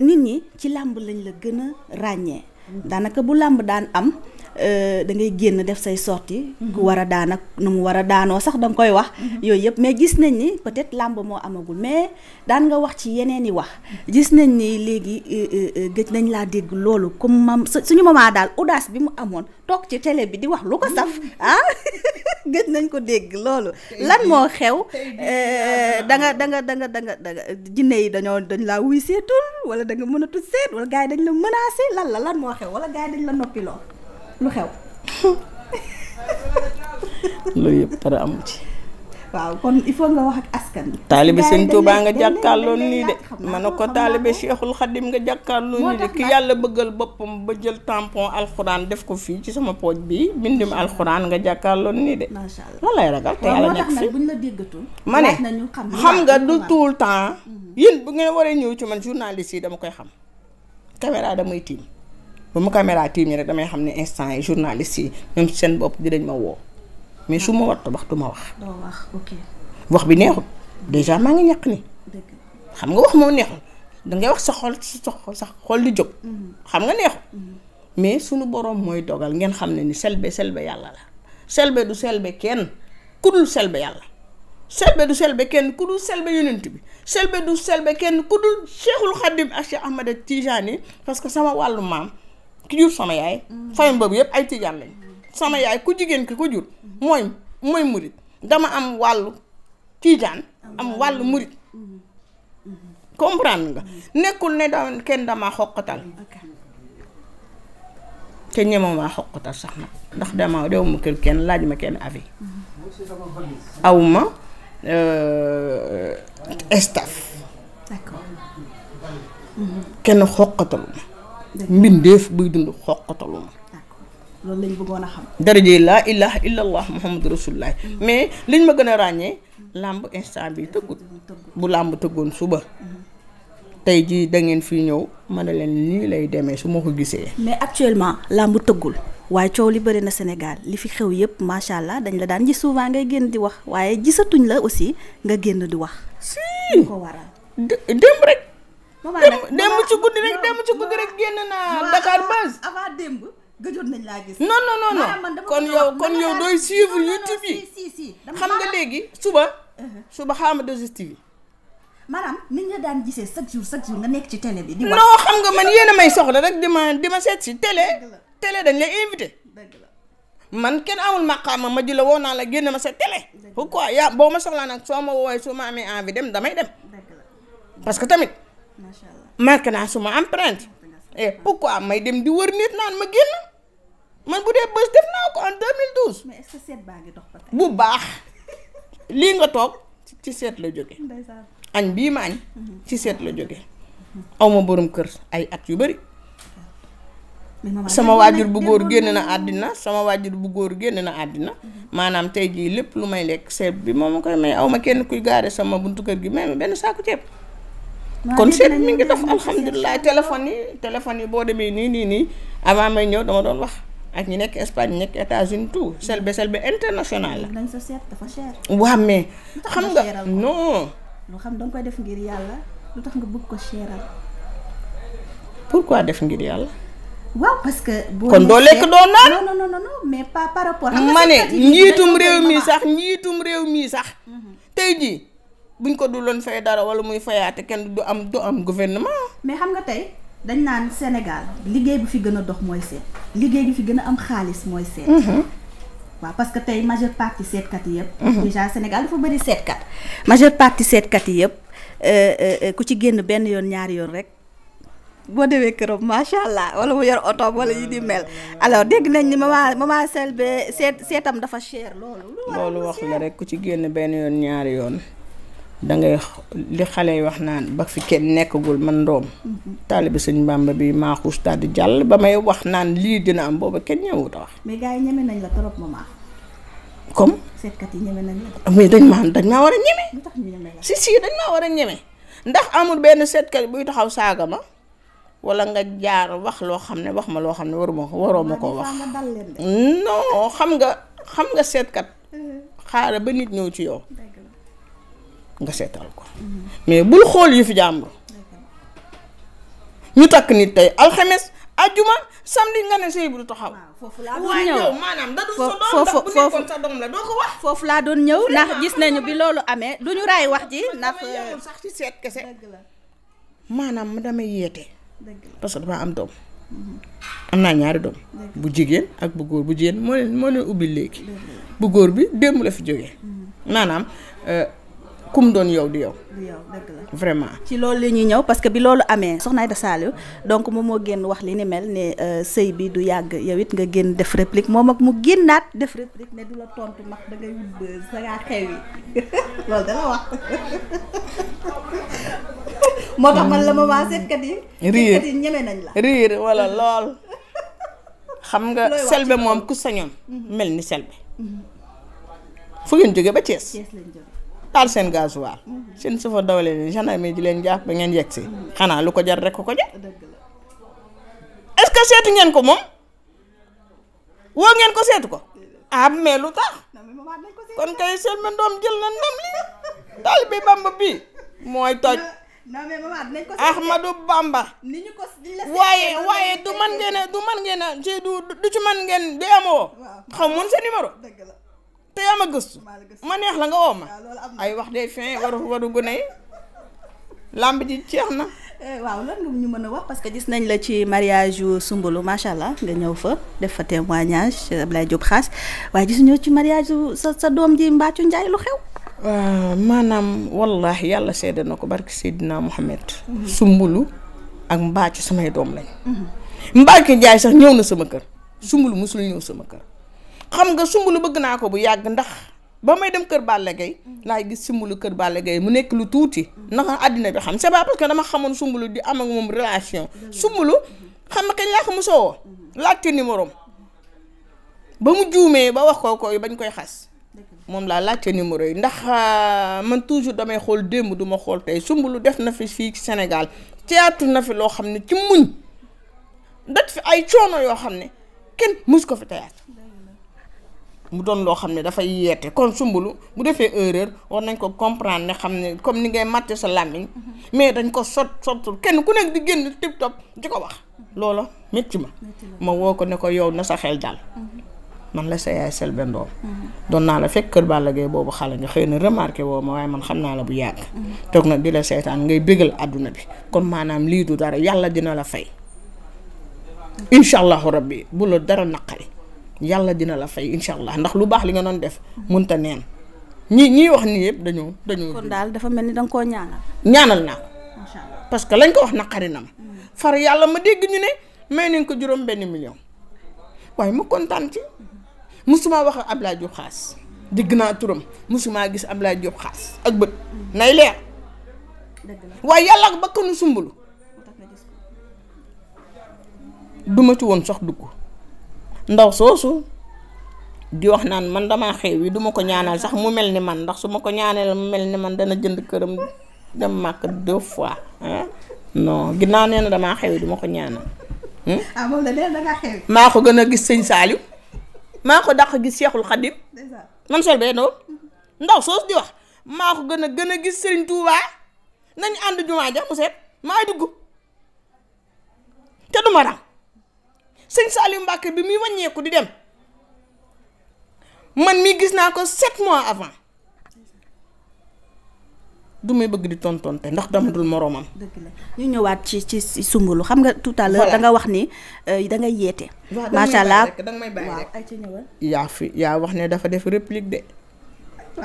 nit ñi ci làmb lañ la gën a ràññee. daanaka bu làmb daan am. Euh, da ngay génn def say sorti mhm. ku war a daan nu mu war a daanoo sax da koy wax. Mhm. yooyu yëpp mais gis nañ ni peut-être làmb moo amagul mais daan nga wax ci yeneen i wax. Mhm. gis nañ ni léegi euh, euh, géej nañ laa dégg loolu comme mam suñu maman daal audace bi mu amoon toog ci télé bi di wax lu ko saf mm. ah? gëj nañ ko dégg loolu lan moo xew eh, danga danga da danga da nga da nga da nga yi dañoo dañ laa wuy seetul wala danga nga mën a tut seet wala gars yi dañ la menacé lan la lan moo xew wala gars dañ la noppiloo lu xew loolu yëpp dara amu ci waaw kon il faut nga wax ak bi taalibe sëñ Tuubaa nga jàkkaarloo nii de man a ko taalibe Cheikhul Khadim nga jàkkaarloo nii de ki yàlla bëggal boppam ba jël tempon alxuraan def ko fii ci sama pooj bi mbindum alxuraan nga jàkkaarloo nii de macha allah lan lay ragal te yàlla nekk fi la déggatul ma ne xam nga du tout le temps mhm. yéen bu ngeen waree ñëw ci man journaliste yi dama koy xam caméra damay tiim ba mu caméra tiim yi rek damay xam ne instant yi journaliste yi ñoom seen bopp dañ ma woo mais su ma wat wax du ma wax. doo wax bi neexul déjà maa ngi ñàkk ni xam nga wax moom neexul dangay wax sa xol si sa xool di jóg. Mhm. xam nga neexul. Mhm. mais sunu borom mooy dogal ngeen xam ne ni selbe selbe yàlla la selbe du selbe kenn ku dul selbe yàlla. selbe du selbe kenn ku dul selbe yonent bi selbe du selbe kenn ku dul cheikhul xadim ak cheikh ahmada tijaan yi parce que sama wàllu maam ki jur sama yaay. Mhm. fayam boobu yëpp ay tijaan lañ. sama yaay ku jigéen ki ko jur mooy mooy murit dama am wàllu tiijaan am wàllu murit comprendre nga mm-hmm. nekkul ne da kenn dama xoqatal sax nag ndax dama dew ma kenn laaj ma kenn avis mm-hmm. awma euh, staff kenn xoqataluma mbindeef buy dund xoqataluma loolu lañ bëggoon a xam. daraje laa ilaha illallah muhammadu rasulullah mais liñ ma gën a ràññee làmb instant bi tëggut bu làmb tëggoon suba. tey ji da ngeen fii ñëw ma ne leen nii lay demee su ma ko gisee. mais actuellement làmb tëggul waaye coow li bëri na Sénégal li fi xew yëpp macha allah dañ la daan gis souvent ngay génn di wax waaye gisatuñ la aussi nga génn di wax. si ko waral démb rek. démb ci guddi rek génn naa Dakar Buzz. démb. gëjoon nañ laa gis. non non non non kon yow kon yow dooy suivre YouTube yi xam nga léegi suba. Uh-huh. suba xaama digestive yi. maanaam ni ñu daan gisee chaque jour chaque jour nga nekk ci wax non xam nga man yéen may soxla rek di ma di ma seet si télé. télé dañ lay invité. man kenn amul maqaama ma ji la woon naa la génne ma sa télé. pourquoi yaa boo ma soxlaa nag soo ma woowee su ma amee envie dem damay dem. parce que tamit. naa su ma am suma empreinte. et eh, pourquoi may dem di wër nit naan ma génn. man bu dee bës def naa ko en 2012. mais seet baa ngi dox ba bu baax lii nga toog ci seet la jóge añ bii ma añ. Mhm. ci seet la jóge aw ma borom kër ay at yu bari sama waajur bu góor génn na àddina sama waajur bu góor génn na àddina mhm. maanaam tey gii lépp lu may lekk seet bi moom ma koy may aw ma kenn kuy gaare sama buntu kër gi may ma benn saaku ceeb kon seet mi ngi dox alhamdulilah téléphone yi téléphone yi boo demee nii nii nii avant may ñëw dama doon wax ak ñi nekk Espagne ñi nekk États-Unis tout selbe selbe international la. nañ sa seet dafa cher. waaw mais. xam nga non. loo xam da nga koy def ngir yàlla lu tax nga bëgg ko cheral. pourquoi def ngir yàlla. waaw parce que. boo kon doo lekk doo naan non non non mais pas par rapport. ma ne njiitum réew mii sax njiitum réew mii sax. Mhm. tey jii buñ ko duloon fay dara wala muy fayaate kenn du am du am gouvernement. mais xam nga tey. dañ naan Sénégal liggéey bu fi gën a dox mooy seet liggéey bu fi gën a am xaalis mooy seet. Mhm. waaw parce que tey majeure partie seetkat yi yëpp. Mhm. déjà Sénégal dafa bëri seetkat. majeure partie seetkat yi yëpp euh, euh, euh, ku ci génn benn yoon ñaari yoon rek. boo demee këram macha allah wala mu yor oto wala yi di mel alors dégg nañ ni maman maman Selbé seet seetam dafa cher loolu. loolu wax la rek ku ci génn benn yoon ñaari yoon. dangay li xale yi wax naan ba fi kenn nekkagul man doom mm-hmm. taalibe sëñ Bàmba bi maa xuus daldi jàll ba may wax naan lii dina am booba kenn ñëwut a wax. mais comme. seetkat dañ maa war a ñeme. lu tax si si dañ maa war a ñeme. ndax amul benn seetkat buy taxaw saaga ma wala nga jaar wax loo xam ne wax ma loo xam ne waruma ko waroo ma koo wax. non xam nga xam nga seetkat. Mm-hmm. xaaral ba nit ñëw ci yow. nga seetal ko mais bul xool yu fi jàmbur ñu takk nit tey alxames ajjuma samedi nga ne sëy bu du taxaw. foofu laa doon ñëw maanaam la foofu laa doon ñëw ndax gis nañu bi loolu amee du ñu raay wax ji ndax. sax ci seet kese. maanaam damay yeete. parce que damaa am doom. Mhm. am naa ñaari doom. bu jigéen ak bu góor bu jigéen moo leen moo leen ubbi léegi. bu góor bi démb la fi jógee. Mhm. maanaam. Euh, comme doon yow di yow. vraiment. ci loolu la ñuy ñëw parce que bi loolu amee soxna Aïda Saliou donc moom moo génn wax li ni mel ne euh, sëy bi du yàgg yow it nga génn def réplique moom ak mu génnaat def réplique ne du la tontu max da ngay wut bës da ngaa xew yi loolu dala wax ma waa seetkat yi. riir seetkat lool. xam nga selbe moom ku sañoon. Mhm. mel ni selbe. Mhm. fu ngeen jógee ba Thiès. Thiès lañ taal seen gasoil seen su fa dawle leen gendarmerie di leen jàpp ba ngeen yegg si xanaa lu ko jar rek ko ko jar est-ce ngeen ko moom woo ngeen ko seetu ko ah lu tax kon kay seen ma doom jël na ndam li taalibe Bamba bi mooy toj Ahmadou Bamba waaye waaye du man ngeen du man ngeen a ci du ci man ngeen di amoo xam mun sa numéro te yaa ma gis ma neex la nga woo ma ay wax day fin waru waru gune yi làmb ji ceex na. Eh, waaw lan nga ñu mën a wax parce que gis nañ la ci mariage yu Soumboulou macha allah nga ñëw fa def fa témoignage Ablaye Diop xaas waaye gisuñu ci mariage sa sa doom ji Mbathio Ndiaye lu xew. maanaam wallahi yàlla seede na ko barki Seydina Mohamed. Soumboulou ak Mbathio samay doom lañ. Mhm. Mbathio Ndiaye sax ñëw na sama kër Soumboulou mosul ñëw sama kër. xam nga sumbulu bëgg naa ko bu yàgg ndax ba may dem kër Balla Gaye laay gis sumbulu kër Balla Gaye mu nekk lu tuuti ndax àddina bi xam c'est pas parce que dama xamoon sumbulu di am ak moom relation sumbulu xam nga kañ laa ko mosoo laajte numéro ba mu juumee ba wax ko ko bañ koy xas moom laa laajte numéro yi ndax euh, man toujours damay xool démb duma xool tey sumbulu def na fi fii Sénégal théâtre na fi loo xam ne ci muñ daj fi ay coono yoo xam ne kenn mus ko fi théâtre mu doon loo xam ne dafay yeete kon sumbulu bu defee erreur war nañ ko comprendre ne xam ne comme ni ngay màtte sa làmmiñ mhm. mais dañ ko sot sotul kenn ku nekk di génn tip top di ko wax loola métti ma ma woo ko ne ko yow na sa xel dal mhm. man la sa yaay Selbé mhm. doon naa la fekk kër Balla Gaye boobu xale nga xëy na remarqué woo ma waaye man xam naa la bu yàgg toog nag di la seetaan ngay bégal àdduna bi kon maanaam lii du dara yàlla dina la fay incha allahu rabbi bu dara naqari yàlla dina la fay incha allah ndax lu baax li nga doon def mënta neen ñi ñiy wax nii yëpp dañoo dañoo. kon daal dafa mel ni danga koo ñaanal. ñaanal naa ko. parce que lañ ko wax naqari na ma. Mm. far yàlla ma dégg ñu ne may nañ ko juróom benn million waaye ma kontaan ci musuma wax ab laa Diop Xaas dégg naa turam musuma gis Abdoulaye Diop Xaas ak bët mm. nay leer waaye yàlla ak bakkanu sumbulu duma ci woon sax dugg. ndaw soosu di wax naan man damaa xew yi duma ko ñaanal sax mu mel ni man ndax su ma ko ñaanal mu mel ni man dana jënd këram dem màkk deux fois non ginnaaw nee na damaa xew yi duma ko ñaanal hmm? ah, maa ko gën a gis sëñ Saliou maa ko daq gis Seexul Xadim man sol bee ndaw ndaw soos di wax maa ko gën a gën a gis sëriñ Touba nañ ànd jumaa ja mu seet maay dugg te duma ram sëñ Saliou Mbacke bi muy wàññeeku di dem man mi gis naa ko sept mois avant du may bëgg di tontonte ndax dama dul moroomam. dëgg la ñu ñëwaat ci ci sumbulu xam nga tout à l'heure da nga wax ni euh, dangay nga yeete. macha allah yaa fi yaa wax ne dafa def réplique de.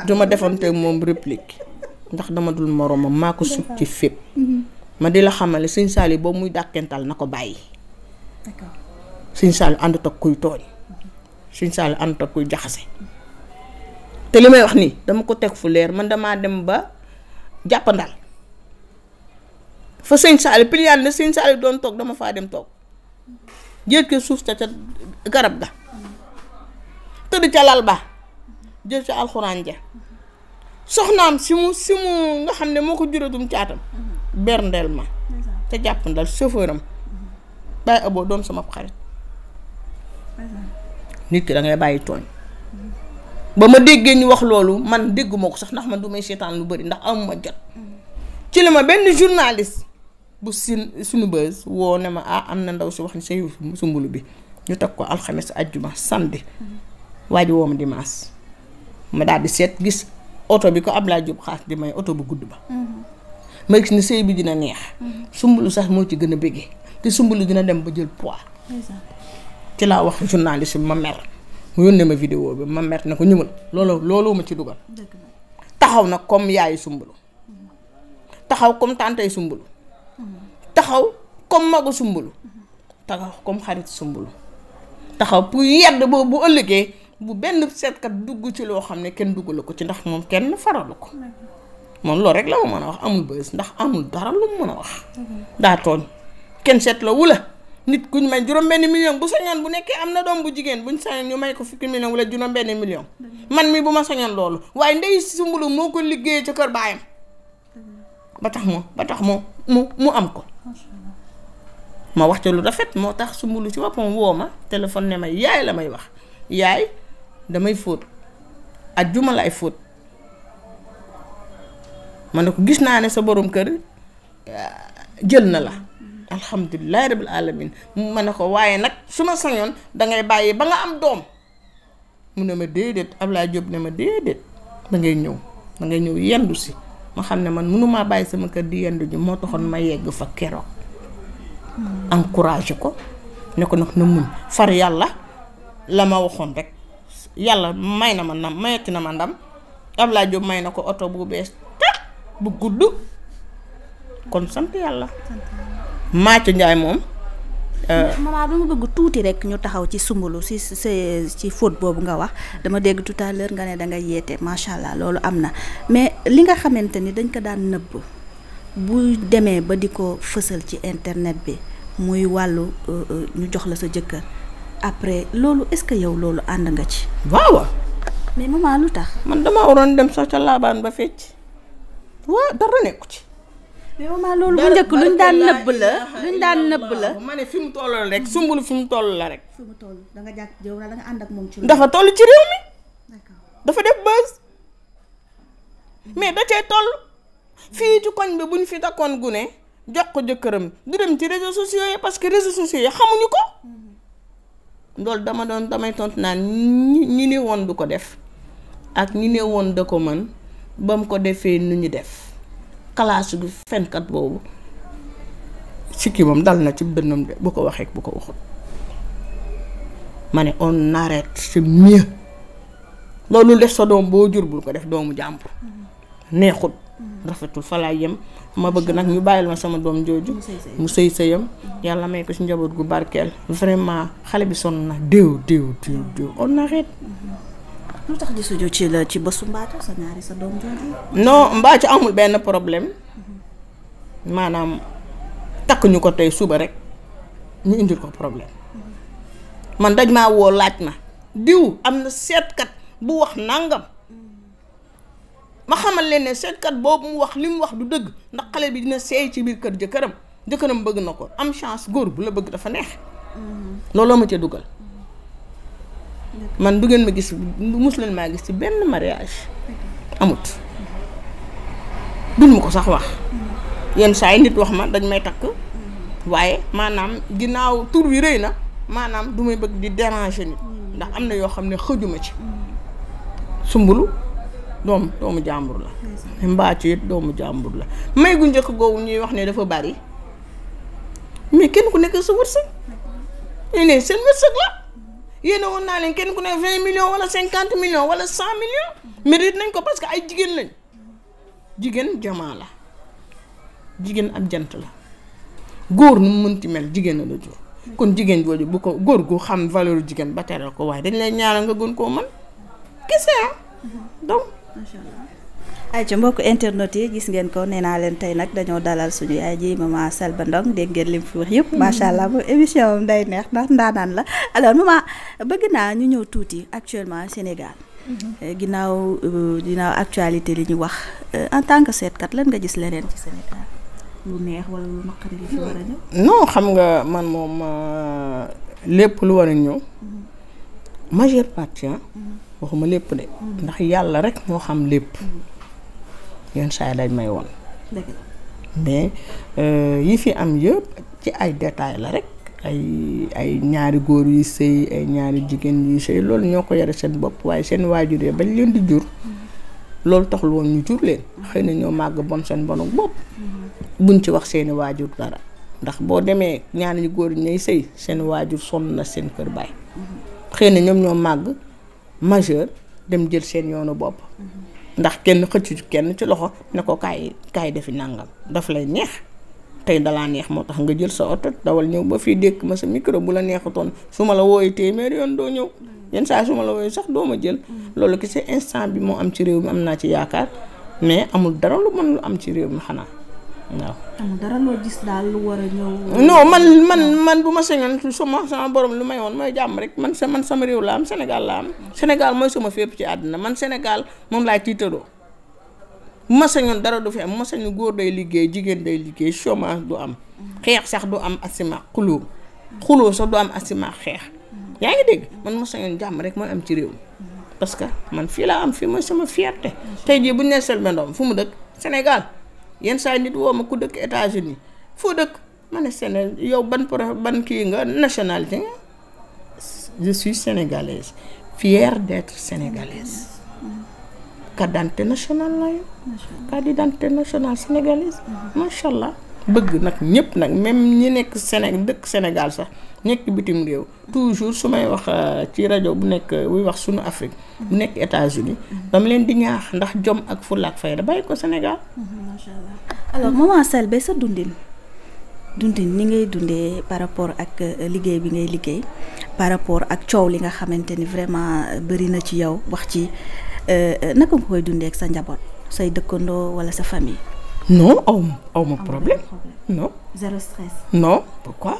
du ma defanteeg moom réplique ndax dama dul moroomam maa ko sut ci fépp. Mhm. ma di la xamale sëñ Saliou boobu muy dàqental na ko bàyyi. suñ saal àndut ak kuy tooñ suñ saal àndut ak kuy jaxase te li may wax nii dama ko teg fu leer man damaa dem ba jàppandal fa sëñ saali piliyaan na sëñ saali doon toog dama fa dem toog jël ke suuf ta ca garab ga tëdd ca lal ba jël ca alxuraan ja soxnaam si mu si mu nga xam ne moo ko juróom caatam mhm. berndeel ma te jàppandal chauffeur am mhm. bàyyi aboo doon sama xarit nit ki dangay bàyyi tooñ ba ma déggee ñu wax loolu man dégguma ko sax ndax ma du may seetaan lu bari ndax amuma jot ci la ma benn journaliste bu sin sunu bës woo ne ma ah am na ndaw si wax ni sa sumbulu bi ñu teg ko alxames ajjuma samedi waa ji woo ma dimanche ma daal di seet gis oto bi ko Ablaye Diop xaas di may oto bu gudd ba ma gis ni sëy bi dina neex mm-hmm. sumbulu sax moo ci gën a bëggee te sumbulu dina dem ba jël poids ci laa wax journaliste bi ma mer mu yónnee ma vidéo bi ma mer ne ko ñëwal looloo loolu ma ci dugal. taxaw nag kom yaayu sumbulu. taxaw comme tàntay sumbulu. taxaw kom magu sumbulu. taxaw comme xarit sumbulu. taxaw pour yedd boobu bu ëllëgee bu benn seetkat dugg ci loo xam ne kenn duggalu ko ci ndax moom kenn faralu ko. moom loolu rek la ma mën a wax amul bës ndax amul dara lu mu mën a wax. daa tooñ kenn seet nit ku kuñ may juróom-benn million bu sañoon bu nekkee am na doom bu jigéen buñ sañoon ñu may ko fukki million wala juróom-benn million man mi bu ma sañoon loolu waaye ndey sumbulu moo ko liggéeyee ca kër baayam ba tax mu ba tax moo mu am ko ma wax ca lu rafet moo tax sumbulu ci boppam woo ma téléphone ne ma yaay la may wax yaay damay fóot jumal ay fóot ma ne ko gis naa ne sa boroom kër ah, jël na la alhamdulilahi rabil alamin mu ma ne ko waaye nag su ma sañoon dangay bàyyi ba nga am doom mu ne ma déedéet Ablaye Diop ne ma déedéet da ñëw da ngay ñëw yendu si ma xam ne man mënumaa bàyyi sama kër di yendu ji moo taxoon ma yegg fa keroog encouragé ko ne ko nag na muñ far yàlla la ma waxoon rek yàlla may na ma ndam mayati na ma ndam Ablaye Diop may na ko oto bu bees bu gudd kon sant yàlla Mathia Ndiaye moom. Euh, maman dama bëgg tuuti rek ñu taxaw ci sumbulu si ci fóot boobu nga wax dama dégg tout à l'heure nga ne da yeete macha allah loolu am na mais li nga xamante ni dañ ko daan nëbb bu demee ba di ko fësal ci internet bi muy wàllu euh, euh, ñu jox la sa jëkkër après loolu est-ce que yow loolu ànd nga ci. waaw. mais maman lu tax. man dama waroon dem sax ca laabaan ba fecc waa dara nekku ci. mais maman loolu bu njëkk luñ daan nëbb la luñ daan nëbb la ma ne fi mu toll la rek sumbul mu toll la rek. fi mu toll da nga jàkk jëw ànd ak moom ci dafa tollu ci réew mi. dafa def buzz. mais da cee toll. fii ci koñ bi buñ fi takkoon gune jox ko jëkkëram du dem ci réseaux sociaux yi parce que réseaux sociaux yi xamuñu ko. Mm-hmm. loolu dama doon damay tontu naan ñi ñi ne woon du ko def. ak ñi ne woon da ko mën ba mu ko defee nu ñu def. kalaas gu fenkat boobu sikki moom dal na ci dënnam de bu ko waxee bu ko waxut ma ne on arrête c'est mieux loolu def sa doom boo jur bul ko def doomu jàmbur neexut rafetul fa laa yem ma bëgg nag ñu bàyyil ma sama doom jooju mu sëy sëyam yàlla may ko ci njaboot gu barkeel vraiment xale bi sonn na déew déew déew déew on lu tax gisuñu ci la ci bësu Mbathio sa ñaari sa doom jooju. non amul benn problème maanaam takk ñu ko tey suba rek ñu indil ko problème man daj maa woo laaj na diw am na seetkat bu wax nangam ma xamal leen ne seetkat boobu mu wax li mu wax du dëgg ndax xale bi dina seey ci biir kër jëkkëram jëkkëram bëgg na ko am chance góor bu la bëgg dafa neex mm-hmm. looloo ma ca dugal. man du ngeen ma gis mus leen maa gis ci benn mariage amut duñ ma ko sax wax yenn saa yi nit wax ma dañ may takk waaye maanaam ginnaaw tur wi rëy na maanaam du may bëgg di déranger nit ndax am na yoo xam ne xëjuma ci sumbulu doom doomu jàmbur la mbaacu it doomu jàmbur la may gu njëkk googu ñuy wax ne dafa bari mais kenn ku nekk sa wërsëg ñu seen wërsëg la yéene woon naa leen kenn ku ne vingt millions wala cinquante millions wala cent millions mérite nañ ko parce que ay jigéen lañ jigéen jamaa la jigéen ab jant la góor nu mu mënti mel jigéen la jur kon jigéen jooju bu ko góor gu xam valeur jigéen ba teral ko waaye dañ lay ñaanal nga gën koo mën kese ah. donc. ayca mbokk internet yi gis ngeen ko nee naa leen tey nag dañoo dalal suñu yaay ji maman Selbé Ndom dégg ngeen lim fi wax yëpp mm-hmm. macha allah moom émission moom day neex ndax ndaanaan la alors maman bëgg naa ñu ñëw tuuti actuellement Sénégal mm-hmm. eh, ginnaaw euh, ginnaaw actualité li ñu wax euh, en tant que seetkat lan nga gis leneen ci Sénégal lu neex wala lu naqari fi war a ñëw non xam nga man moom euh, lépp lu war a mm-hmm. ah, waxuma lépp de ndax yàlla rek moo xam lépp yenn saa dañ may woon mais euh, yi fi am yëpp ci ay détails la rek ay ay ñaari góor yuy sëy ay ñaari jigéen yuy sëy loolu ñoo ko yore seen bopp waaye seen waajur yi bañ leen di jur mm-hmm. loolu taxul woon ñu jur leen mm-hmm. xëy na ñoo màgg bon seen bonuk bopp mm-hmm. buñ ci wax seeni waajur dara ndax boo demee ñaari góor yu ñay sëy seen waajur sonn na seen kër baay xëy na ñoom ñoo màgg majeur dem jël seen yoonu bopp ndax kenn xëcc kenn ci loxo ne ko kaay kaay defi nangam dafa lay neex tey dalaa neex moo tax nga jël sa oto dawal ñëw ba fii dékk ma sa micro bu la neexutoon su ma la wooyee téeméer yoon doo ñëw yenn saa su ma la wooyee sax doo ma jël mm. loolu kese instant bi moo am ci réew mi am naa ci yaakaar mais amul dara lu mën lu am ci réew mi xanaa waaw. dara loo gis daal lu war a ñëw. non man man man bu ma sañoon ma sama borom lu may woon mooy jàmm rek man sa sama réew la am Sénégal la am. Sénégal mooy sama fépp ci àddina man Sénégal moom laay tiitaroo bu ma dara du fi am bu ma góor day jigéen day liggéey chômage du am. xeex sax du am asima xuloo xuloo sax du am asima xeex. yaa ngi dégg man ma sañoon jàmm rek mooy am ci réew parce que man fii laa am fii mooy sama fierté. tey jii bu ñu nee fu mu dëkk Sénégal. yenn saa nit woo ma ku dëkk États-Unis foo dëkk ma ne Sénégal yow ban pro ban kii nga nationalité nga je suis sénégalaise fière d'être sénégalaise. carte d'identité nationale la yow. sénégalaise. Mhm. macha allah. bëgg nag ñëpp nag même ñu nekk Sénégal dëkk Sénégal sax nekk bitim réew toujours su may wax euh, ci rajo bu nekk euh, buy wax sunu Afrique bu nekk états dama leen di ñaax ndax jom ak fulla ak fayda bàyyi ko Sénégal. macha allah alors maman Selbé sa dundin dundin ni ngay dundee par rapport ak euh, liggéey bi ngay liggéey par rapport ak coow li nga xamante ni vraiment bëri na ci yow wax ci naka nga koy dundee ak sa njaboot say dëkkandoo walla sa famille. non aw ma aw ma problème non. zéro stress. non pourquoi.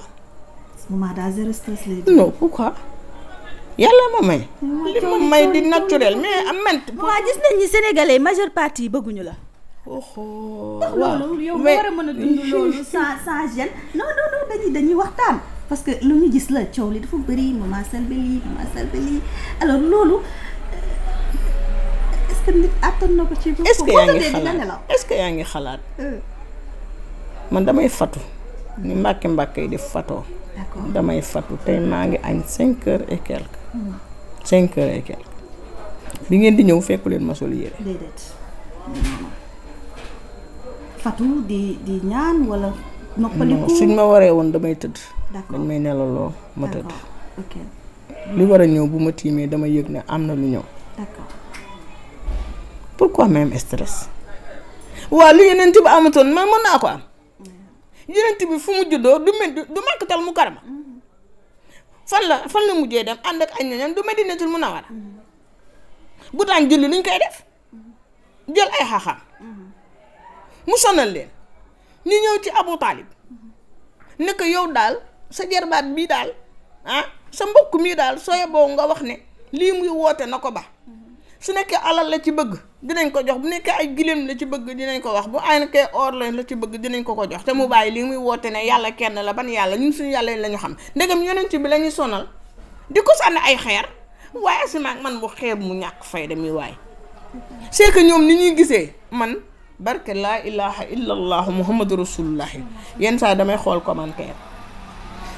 maman daal zéro stress lay non pourquoi. yàlla ma may. li ma may di naturel mais am nañ. waa gis nañ ni sénégalais majeure partie bëgguñu la. oho oh, waaw loolu war a mën a dund loolu sans sans gêne non non non dañuy dañuy waxtaan parce que lu ñu gis la coow li dafa bëri maman Selbé lii maman Selbé lii alors loolu. que nit attan yaa ngi xalaat euh. man damay fatu ni mbàkke mbàkke yi di fatoo. damay fatu tey maa ngi añ cinq heures et quelque. Hmm. cinq heures et quelque. bi ngeen di ñëw fekku leen ma sol yére. déedéet fatu di di ñaan ma waree woon damay tëdd. dañ may nelaloo ma tëdd. li war a ñëw bu ma tiimee dama yëg ne am na lu ñëw. pourquoi même stress waaw li yeneen bi amatoon man mën naa ko am yeneen bi fu mu juddoo du mel du màkkatal mu karama fan la fan la mujjee dem ànd ak añ ay ñoñam du Medinatul Munawara bu daan julli nuñ koy def jël ay xaaxaam mu sonal leen ñu ñëw ci Abu Taalib ne yow daal sa jarbaat bii daal ah, sa mbokk mii daal soo yeboo nga wax ne lii muy woote na ko ba su nekkee alal la ci bëgg dinañ ko jox bu nekkee ay gileem la ci bëgg dinañ ko wax bu ay nekkee or la ci bëgg dinañ ko ko jox te mu bàyyi li muy woote ne yàlla kenn la ban yàlla ñun suñu yàlla la ñu xam ndegam yonent bi la ñuy sonal di ko sànni ay xeer waaye asimaak man bu xeeb mu ñàkk fay demi waaye c'est que ñoom ni ñuy gisee man barke laa ilaha illa allahu muhammadu rasulullahi yenn saa damay xool commentaire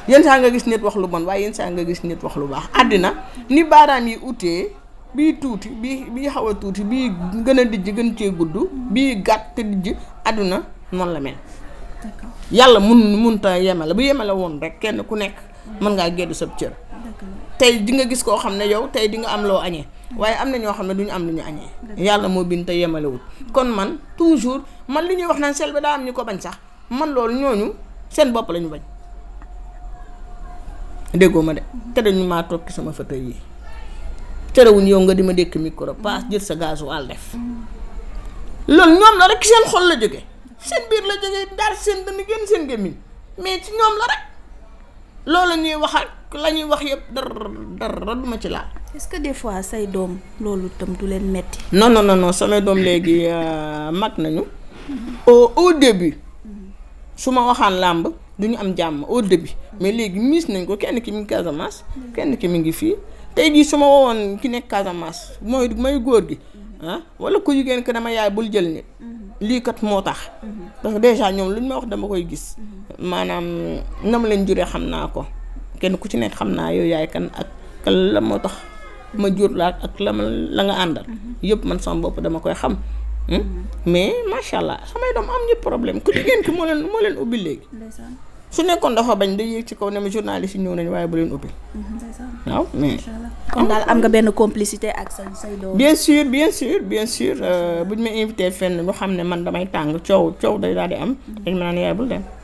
yenn saa nga gis nit wax lu bon waaye yenn saa nga gis nit wax lu baax àddina ni baaraam yi utee bii tuuti bii bii xaw a tuuti bii gën a dijj gën cee gudd bii gàtt te dijj àdduna noonu la mel yàlla mun munta yemale bu yemale woon rek kenn ku nekk mën ngaa geddu sab cër tey di nga gis koo xam ne yow tey di nga am loo añee waaye am na ñoo xam ne du ñu am lu ñu añee yàlla moo bind te yemalewul kon man toujours man li ñuy wax nañ sel ba daa am ñu ko bañ sax man loolu ñooñu seen bopp lañu ñu bañ déggoo ma de te dañu maa toog sama fauteuil yi terewuñ yow nga di ma dékk micro paas jël sa gasoil def loolu ñoom la rek seen xol la jóge seen biir la jóge daal seen dana génn seen gémmiñ mais ci ñoom la rek loolu ñuy wax ak la wax yëpp dara du ma ci laa est-ce que des fois say loolu tam leen metti. non non non non samay doom léegi euh, mag nañu. au au su ma waxaan làmb du ñu am jàmm au début. mais léegi miis nañ ko kenn ki mi ngi Casamance. kenn ki mi ngi fii. tey jii su ma wowoon ki nekk Casamance mooy may góor gi ah wala ku jigéen que dama yaay bul jël nit lii kat moo tax parce que ñoom lu ñu ma wax dama koy gis maanaam nam leen juree xam naa ko kenn ku ci nekk xam naa yow yaay kan ak kan la moo tax ma jur laa ak la ma la nga àndal yëpp man sama bopp dama koy xam hmm? mais macha allah samay doom am ñëpp problème ku jigéen ki moo leen moo leen ubbi léegi su nekkoon dafa bañ da yéeg ci kaw ne ma journaliste yi ñëw nañu waaye bu leen ubbi. waaw mais. kon daal am nga benn complicité ak sañ say doom. bien sûr bien sûr bien sûr euh, buñ ma invité fenn lu xam ne man damay tàng coow coow day daal di am. Mm-hmm. dañ ma naan yaay bul dem.